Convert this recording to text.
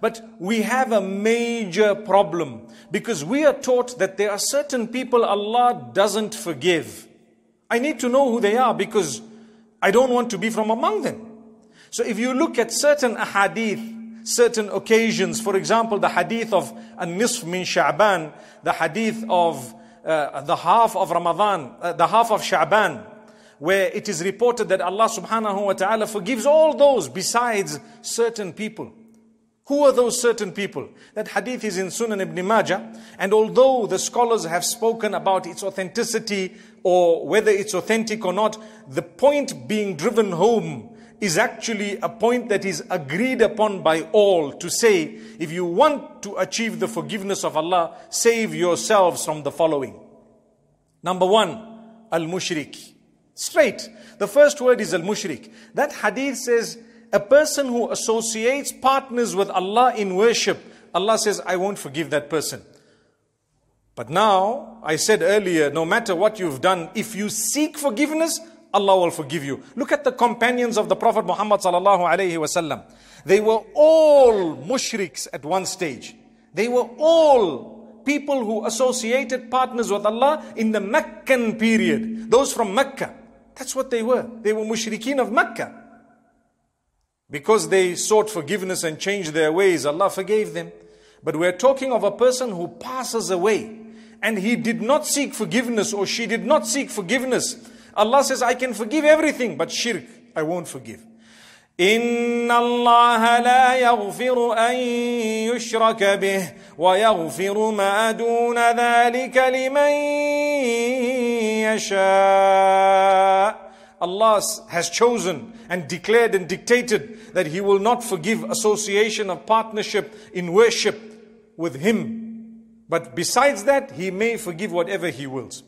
But we have a major problem because we are taught that there are certain people Allah doesn't forgive. I need to know who they are because I don't want to be from among them. So if you look at certain ahadith, certain occasions, for example, the hadith of An-Nisf min Sha'ban, the hadith of uh, the half of Ramadan, uh, the half of Sha'ban, where it is reported that Allah subhanahu wa ta'ala forgives all those besides certain people. Who are those certain people? That hadith is in Sunan ibn Majah. And although the scholars have spoken about its authenticity or whether it's authentic or not, the point being driven home is actually a point that is agreed upon by all to say, if you want to achieve the forgiveness of Allah, save yourselves from the following. Number one, al-mushrik. Straight. The first word is al-mushrik. That hadith says, a person who associates partners with Allah in worship, Allah says, I won't forgive that person. But now, I said earlier, no matter what you've done, if you seek forgiveness, Allah will forgive you. Look at the companions of the Prophet Muhammad sallallahu alaihi wasallam. They were all mushriks at one stage. They were all people who associated partners with Allah in the Meccan period. Those from Mecca. That's what they were. They were mushrikeen of Mecca. Because they sought forgiveness and changed their ways, Allah forgave them. But we're talking of a person who passes away and he did not seek forgiveness or she did not seek forgiveness. Allah says, I can forgive everything, but shirk, I won't forgive. إن الله لا يغفر أن يشرك به ويغفر ما دون ذلك لمن يشاء Allah has chosen and declared and dictated that He will not forgive association of partnership in worship with Him. But besides that, He may forgive whatever He wills.